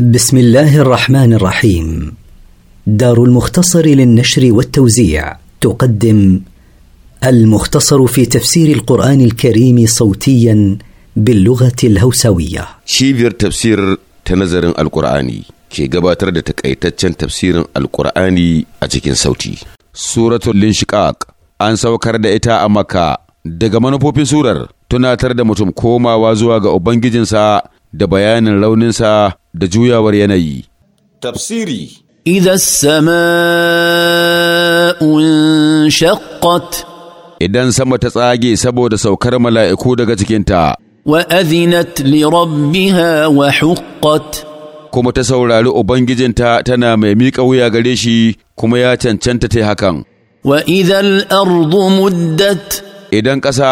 بسم الله الرحمن الرحيم دار المختصر للنشر والتوزيع تقدم المختصر في تفسير القرآن الكريم صوتيا باللغة الهوسوية شيفير تفسير تنظر القرآني كي قباتر تكأيتتشن تفسير القرآني أجيكين صوتي سورة الانشقاق أن سوكر دائتا أمكا دقمانو بوبين سورر tunatar da mutum وازواغ zuwa ga Ubangijinsa da da juyawar yanayi. Tafsiri Idan shaqqat Idan sama ta tsage saboda saukar mala'iku daga cikinta. Wa azinat li rabbiha wa huqqat Kuma ta saurari Ubangijinta tana mai miƙa wuya gare shi kuma ya cancanta ta hakan. Wa idan ardu muddat Idan ƙasa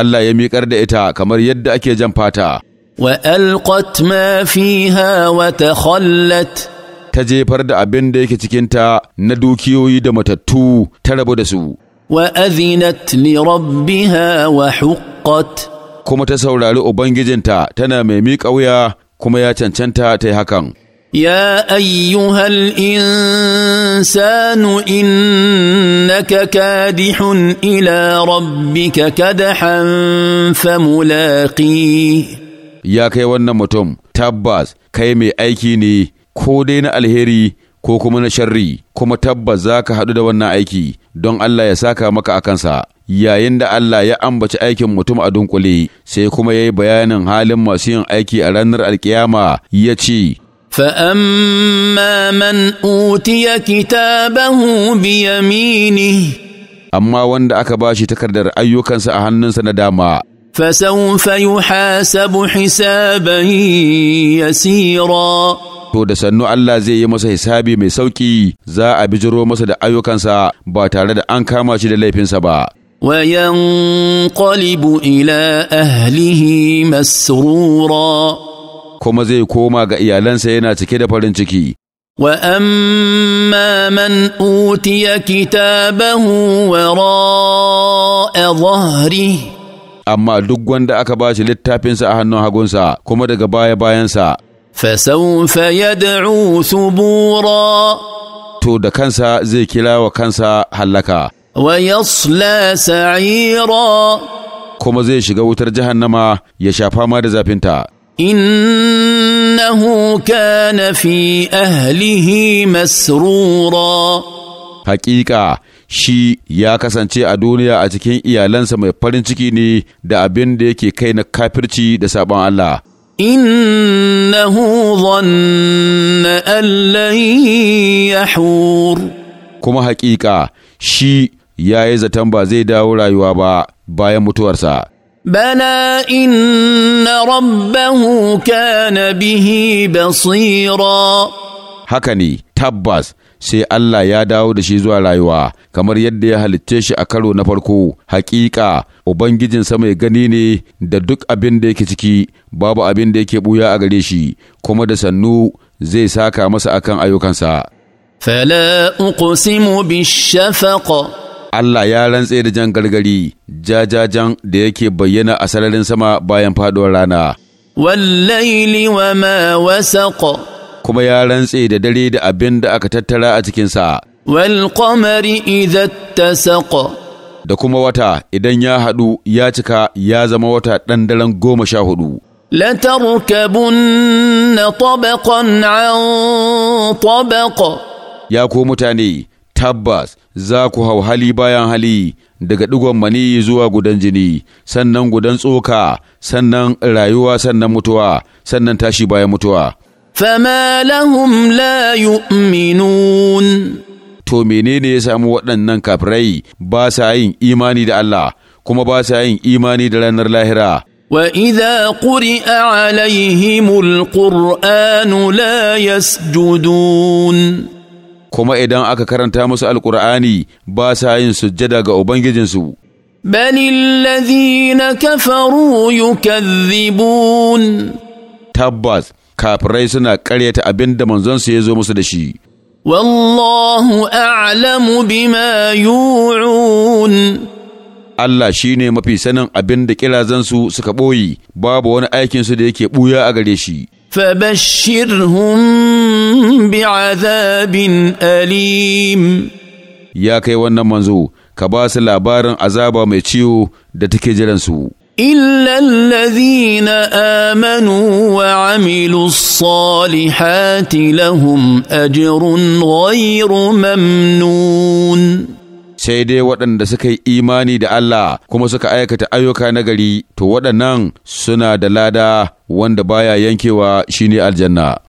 Allah ya miƙar da ita kamar yadda ake jan fata. وألقت ما فيها وتخلت ta jefar da abin da yake cikinta na dukiyoyi da matattu ta rabu da su. وأذنت لربها وحقت kuma ta saurari Ubangijinta tana mai miƙa wuya kuma ya cancanta ta yi hakan. يا أيها الإنسان إنك كادح إلى ربك كدحا فملاقيه ya kai wannan mutum tabbas kai mai aiki ne ko dai na alheri ko kuma na sharri kuma tabbas za ka haɗu da wannan aiki don Allah ya saka maka a kansa yayin da Allah ya ambaci aikin mutum a dunkule sai kuma ya yi bayanin halin masu yin aiki a ranar alkiyama ya ce فأما من أوتي amma wanda aka bashi takardar ayyukansa a hannunsa na dama فسوف يحاسب حسابا يسيرا to da sannu Allah zai yi masa hisabi mai sauki za a bijiro masa da ayyukansa ba tare da an kama shi da laifinsa ba وينقلب ila ahlihi masrura. kuma zai koma ga iyalansa yana cike da farin ciki وأما من أوتي كتابه وراء ظهره amma duk wanda aka ba shi littafinsa a hannun hagunsa kuma daga baya bayansa. فسوف يدعو ثبورا to da kansa zai kira wa kansa hallaka yasla sa'ira. kuma zai shiga wutar jahannama ya sha fama da zafinta إنه na fi ahlihi masrura. Haƙiƙa. shi ya kasance a duniya a cikin iyalansa mai farin ciki ne da abin da yake kai na kafirci da sabon Allah. إنه zanna أن ya hur. kuma haƙiƙa shi ya yi zaton ba zai dawo rayuwa ba bayan mutuwarsa. Bana inna rabbahu kana bihi basira. haka ne tabbas sai Allah ya dawo da shi zuwa rayuwa kamar yadda ya halicce shi a karo na farko hakika ubangijin mai gani ne da duk abin da yake ciki babu abin da yake buya a gare shi kuma da sannu zai saka masa akan ayyukansa fala uqsimu bishafaq Allah ya rantse da jan gargari jajajan da yake bayyana a sararin sama bayan faduwar rana wallaili wama wasaq kuma ya rantse da dare da abin da aka tattara a cikinsa. Walƙomari idan ta saƙo. Da kuma wata idan ya haɗu ya cika ya zama wata ɗan daren goma sha hudu. na طبقا na ya ya mutane mutane tabbas za ku hau hali bayan hali daga ɗigon mani zuwa gudan jini sannan gudan tsoka sannan rayuwa sannan mutuwa sannan tashi bayan mutuwa فما لهم لا يؤمنون to menene ya samu waɗannan kafirai ba sa yin imani da Allah kuma ba sa yin imani da ranar lahira وإذا قرئ عليهم القرآن لا يسجدون kuma idan aka karanta musu alkur'ani ba sa yin sujjada ga ubangijinsu بل الذين yu يكذبون tabbas kafirai suna ƙaryata abin da manzonsu ya zo musu da shi. Wallahu a'lamu bima yu'un. Allah shi ne mafi sanin abin da ƙirazansu suka ɓoyi, babu wani aikinsu da yake ɓuya a gare shi. Fabashirhum azabin alim. Ya kai wannan manzo, ka ba su labarin azaba mai ciwo da take jiransu. الا الذين امنوا وعملوا الصالحات لهم اجر غير ممنون sai dai waɗanda suka yi imani da Allah kuma suka aikata ayyuka nagari to waɗannan suna da lada wanda baya yankewa shine aljanna